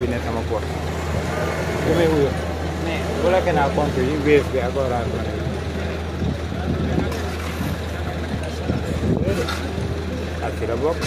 Vinetamakwa. Come huyo? Ne, quella che na quanto in verde agora agora. Atira box.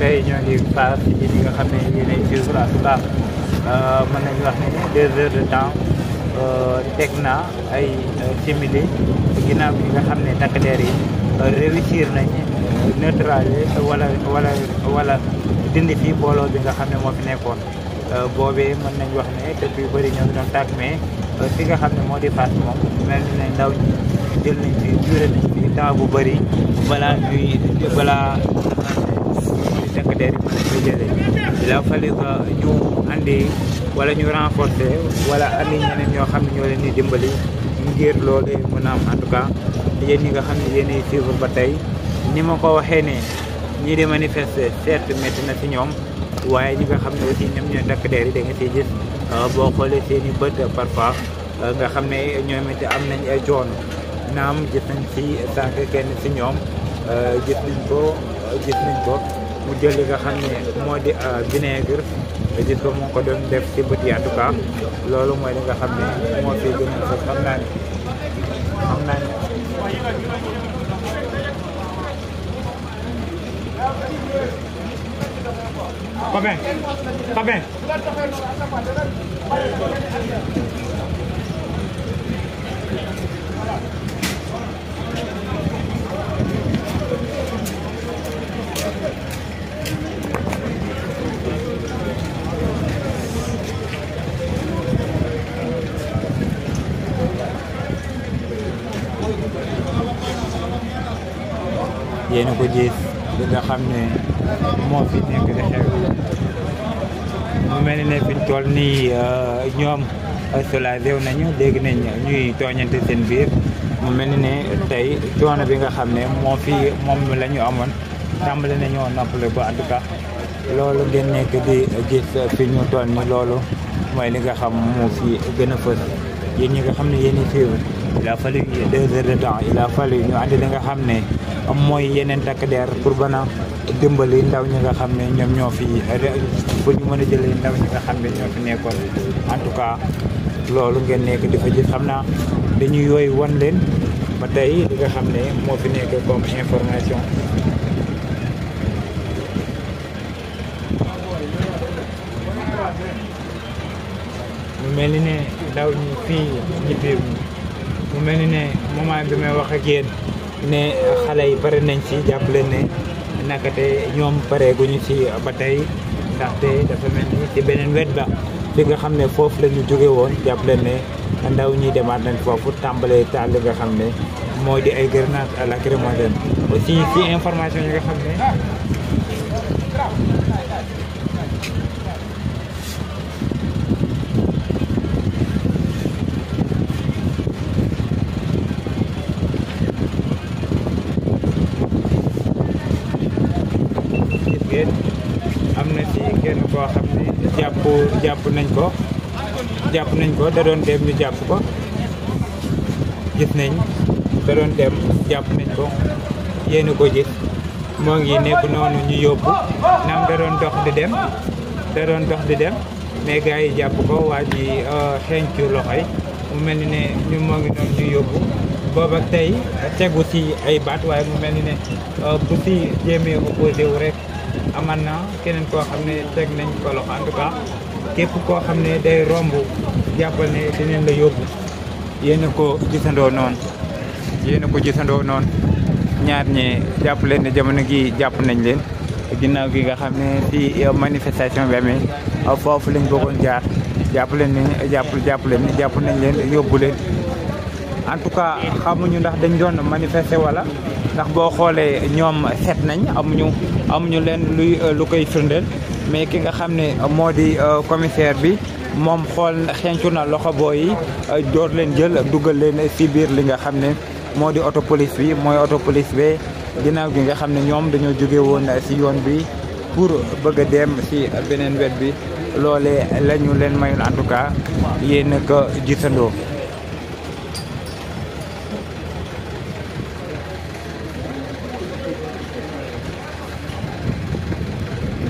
tey ñoo ngi faar ci ñi nga xam ne yéen ay suivre à tout baax euh, mën nañu wax ne deux heures de temps euh, teg naa ay euh, simili ginnaaw bi nga xam ne takk der yi réussir nañ neutraliser wala wala wala dindi fi booloo bi nga xam ne moo fi nekkoon boobee mën nañ wax ne dëkk yu bëri ñoo ngi doon tàkk mais fi nga xam ne moo di Fass moom mel ni ndaw ñi fi duré nañ fi temps bu bari balaa ñuy balaa secondaire yi mën a koy jëlee il ñu andi wala ñu renforcer wala andi ñeneen ñoo xam ne ñoo leen di dimbali ngir loolu mën a am en tout cas yéen ñi nga xam ne yéenay suivre ba tey ni ma ko waxee ne ñii di manifeste certes métti na ci ñoom waaye ñi nga xam ne aussi ñoom ñooy takk der yi da nga siy euh, boo xoolee seen i bët parfois euh, nga xam ne ñoo it am nañ ay joon naam gis nañ si sànq kenn si ñoom euh, gis nañ ko gis nañ ko. mu jël li nga xam ne di vinaigre nga gis ko moo ko doon def ci bëti en tout cas loolu mooy li nga xam ne moo fi gën a fekk xam naa ne xam naa yéen ko gis li nga xam ne moo fi nekk di xew mu mel ne fi ñu toll nii euh, ñoom soulagé wu nañu dégg nañ ñuy tooñante seen biir mu mel ni ne tey coono bi nga xam ne moo fi moom lañu amoon tàmbali nañu noppale ba en tout cas loolu ngeen nekk di gis fi ñu toll nii loolu mooy li nga xam moo fi gën a fës yéen ñi nga xam ne yéen i il a fallu deux heures de temps il a fallu ñu andi nga xam ne mooy yeneen takk der pour bana dimbali ndaw ñi nga xam ne ñoom ñoo fi pour ñu mën a jëlee nga xam ne ñoo fi nekkoon en tout cas loolu ngeen nekk di fa gis xam naa dañu yooyu wan leen ba tey li nga xam ne moo fi nekk comme information mu mel ni ne ndaw ñi fii ñi mu mel ni ne moment bi may wax ak yéen ne xale yi pare nañ ci jàpp leen ne nakate ñoom pare guñu ci ba tey ndaxte dafa mel ni ci beneen wet ba fi nga xam ne foofu la ñu jóge woon jàpp leen ne ndaw ñi demaat nañ foofu tàmbalee taal li nga xam ne moo di ay grenade lacrymogène aussi ci information yi nga xam ne jàpp nañ ko jàpp nañ ko da doon dem ñu jàpp ko gis nañ da doon dem jàpp nañ ko yéen ko gis moo ngi nekk noonu ñu yóbbu naam da doon dox di dem da doon dox di dem mais gars yi jàpp ko waa ji euh, xeeñ ci loxo yi mu mel ni ne ñu moo ngi noonu ñu yóbbu booba tey tegu ci ay baat waaye mu mel ni ne euh, bu ci jéemee opposé wu rek aman na keneen koo xam ne teg nañ ko loxo en tout képp koo xam ne day romb jàppal ne dinañ yóbbu yéen a ko gisandoo noon yéen ko gisandoo noon ñaar ñi jàpp ne jamono gi jàpp nañ leen ginnaaw gi nga xam ne fii eh, manifestation bi amee eh, foofu lañ bëggoon jaar jàpp leen ne eh, jàpp jàpp ne jàpp nañ leen yóbbu en tout cas xamuñu ndax dañ doon manifester wala ndax boo xoolee ñoom set nañ amuñu amuñu leen luy lu koy firndeel mais ki nga xam ne moo di euh, commissaire bi moom xool xencu na loxo booy yi euh, door leen jël dugal leen si biir li nga xam ne moo di auto police bi mooy auto police bi ginnaaw gi nga xam ne ñoom dañoo jóge woon si yoon bi pour bëgg a dem si beneen wet bi loole la ñu leen mayul en tout cas yéen ko gisandoo.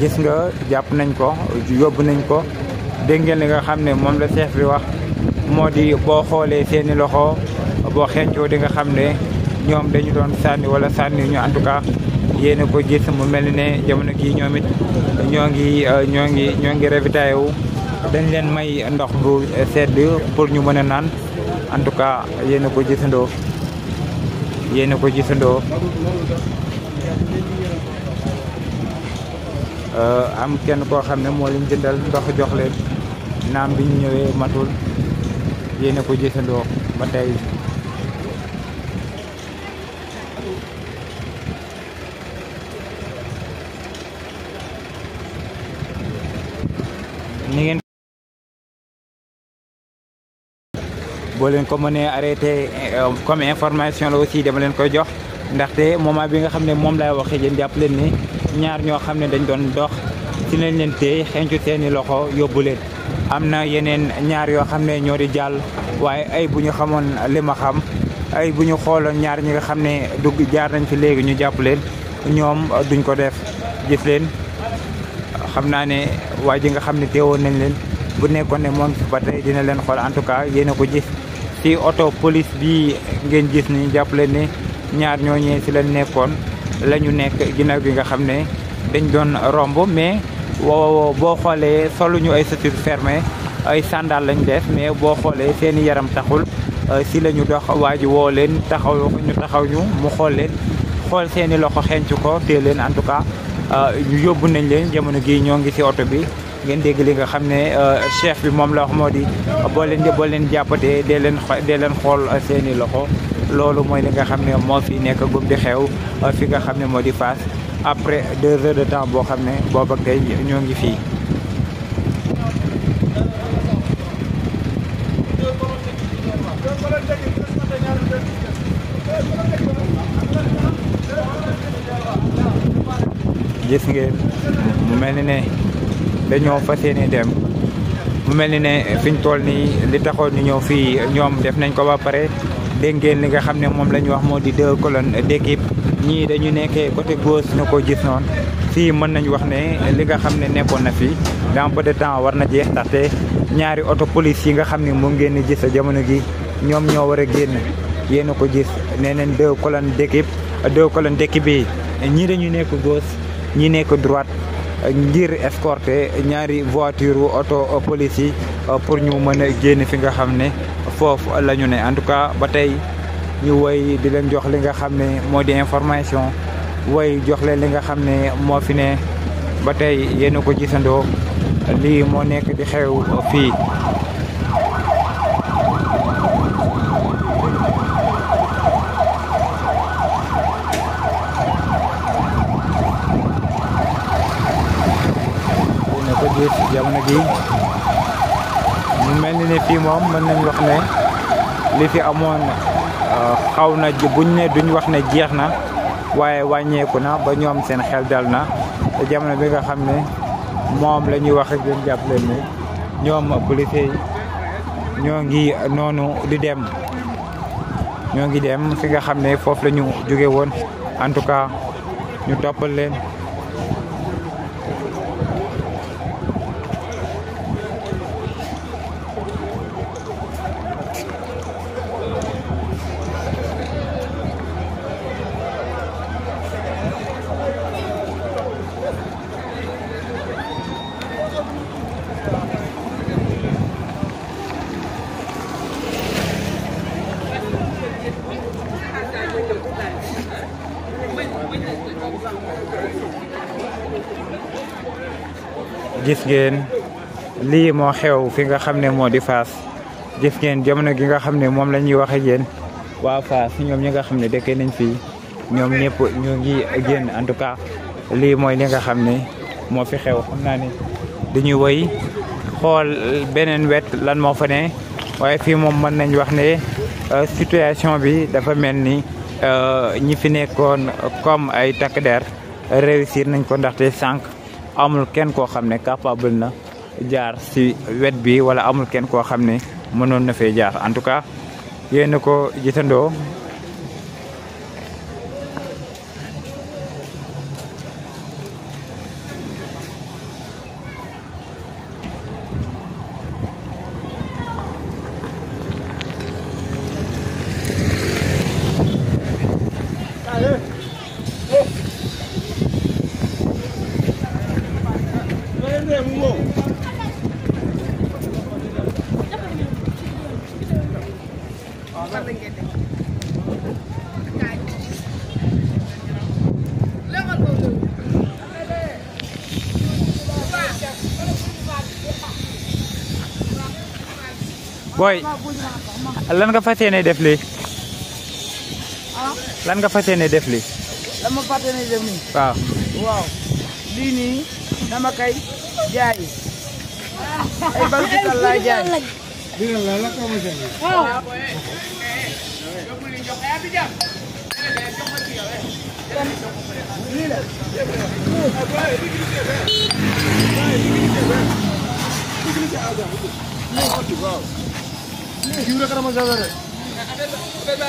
gis nga jàpp nañ ko yóbbu nañ ko dégg ngeen li nga xam ne moom la chef bi wax moo di boo xoolee seeni loxo boo xeeccoo di nga xam ne ñoom dañu doon sànni wala sànni ñu en tout cas yéen a ko gis mu mel ne jamono gii ñoom ñoo ngi euh, ñoo ngi ñoo ngi ravitaillé wu dañ leen may ndox bu sedd pour ñu mën a naan en tout cas yéen a ko gisandoo a ko gisandoo Euh, am kenn koo xam ne moo leen jëndal ndox jox leen naam bi ñu ñëwee matul yéene ko jëfandoo ba tey ni ngeen boo leen ko mënee arrêté euh, comme information la aussi dama leen koy jox ndaxte moment bi nga xam ne moom laay waxee jën jàpp leen ni ñaar ñoo xam ne dañ doon dox ci leen leen téye xencu seeni loxo yóbbu leen am na yeneen ñaar yoo xam ne ñoo di jàll waaye ay bu ñu xamoon li ma xam ay bu ñu xooloon ñaar ñi nga xam ne dugg jaar nañ fi léegi ñu jàpp leen ñoom duñ ko def gis leen xam naa ne waa ji nga xam ne teewoon nañ leen bu nekkoon ne moom si tey dina leen xool en tout cas yéen ko gis ci oto police bi ngeen gis ni jàpp leen ne ñaar ñooñee ci leen nekkoon la ñu nekk ginnaaw gi nga xam ne dañ doon romb mais boo xoolee soluñu ay chaussures fermées ay sandal lañ def mais boo xoolee seen i yaram taxul euh, si la ñu dox waa ji woo leen taxaw ñu taxaw ñu mu xool leen xool seen i loxo xenc ko téye leen en tout cas euh, ñu yóbbu nañ leen jamono gi ñoo ngi si oto bi ngeen dégg li nga xam ne euh, chef bi moom la wax moo di boo leen leen jàppatee dee leen leen xool seen i loxo loolu mooy li nga xam ne moo fi nekk gum di xew euh, fi nga xam ne moo di Fass après deux heures de temps boo xam ne booba tey ñoo ngi fii gis ngeen mu mel ni ne dañoo fa yéene dem mu mel ni ne fiñ toll nii li taxoon ñu ñëw fii ñoom def nañ ko ba pare dégg ngeen li nga xam ne moom la ñu wax moo di deux colonnes d'équipe ñii dañu nekkee côté gauche ñu ko gis noon fii mën nañu wax ne li nga xam ne nekkoon na fi dans peu de temps war na jeex ndaxte ñaari oto police yi nga xam ne moom ngeen gis jamono gi ñoom ñoo war a génn yéen a ko gis nee neen deux colonnes d'équipe deux colonnes d'équipe yi ñii dañu nekk gauche ñi nekk droite ngir escorté ñaari voiture auto uh, police uh, pour ñu mëna génn fi nga xamné fofu lañu né en tout cas ba ñu way di leen jox li nga xamné modi information way jox leen li nga xamné mo fi né ba yeen ko ci sando li mo nekk di xew fi suuf jamono ji mu mel ni ne moom mën nañ wax ne li fi amoon euh, xaw na buñ ne duñ wax ne jeex na waaye wàññeeku na ba ñoom seen xel dal na te jamono bi nga xam ne moom la ñuy wax ak yéen ñoom policier yi ñoo ngi noonu di dem ñoo ngi dem fi nga xam ne foofu la ñu jóge woon en tout cas ñu toppal leen gis ngeen lii moo xew fi nga xam ne moo di Fass gis ngeen jamono gi nga xam ne moom la ñuy wax ak yéen waa Fass ñoom ñi nga xam ne dëkkee nañ fi ñoom ñëpp ñu ngi génn en tout cas mooy li nga xam ne moo fi xew xam naa ne dañuy woy xool beneen wet lan moo fa ne waaye fii moom mën nañ wax ne euh, situation bi dafa mel ni euh, ñi fi nekkoon comme ay takk der réussir nañ ko ndaxte sànq. amul kenn koo xam ne capable na jaar si wet bi wala amul kenn koo xam ne mënoon na fee jaar en tout cas yéen ko jitandoo boy lan nga fatene def li lan nga fatene def li lama fatene def ni waaw Wow, wow, ni dama kay jaay ay balu ci allah Mira, la la cama ya. Ah, pues. Yo me ni yo happy ya. Yo me ni yo happy ya. Mira. Ay, mira. Mira. Mira. Mira. Mira. Mira.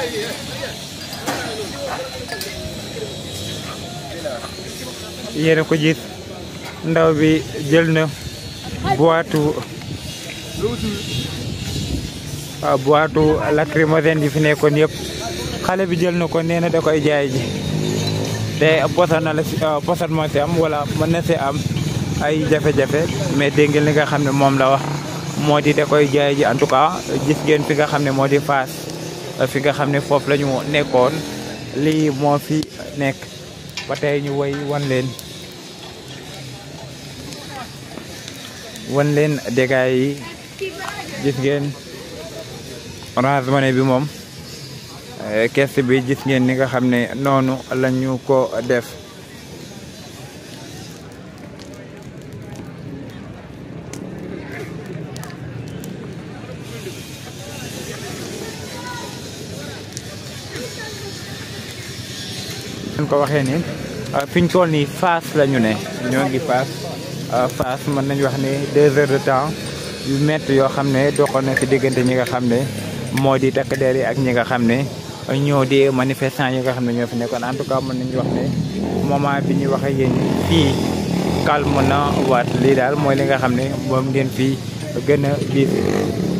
yere ko jitt ndaw bi jeul na boatu Ah, boitu lacrymogène yi fi nekkoon yëpp xale bi jël na ko nee na da koy jaay ji te posan na la si ah, posan si am wala mën na si am ay jafe-jafe mais dégg ngeen li nga xam ne moom la wax moo di da koy jaay ji en tout cas gis ngeen fi nga xam ne moo di faas fi nga xam ne foofu lañu ñu nekkoon lii moo fi nekk ba tey ñu woy wan leen wan leen dégâts yi gis arrangement bi moom eh, kees bi gis ngeen ni nga xam ne noonu la ñu ko def ñu ko waxee ni ah, fiñ toll nii Fass la ñu ne ñoo ngi Fass ah, Fass mën nañu wax ne deux heures de temps yu métti yoo xam ne doxoon na ci diggante ñi nga xam moo di takk der yi ak ñi nga xam ne ñoo di manifestant yi nga xam ne ñoo fi nekkoon en tout cas mën nañu wax ne moment bi ñuy wax ak yéen fii calme na waat lii daal mooy li nga xam ne moom ngeen fii gën a gis.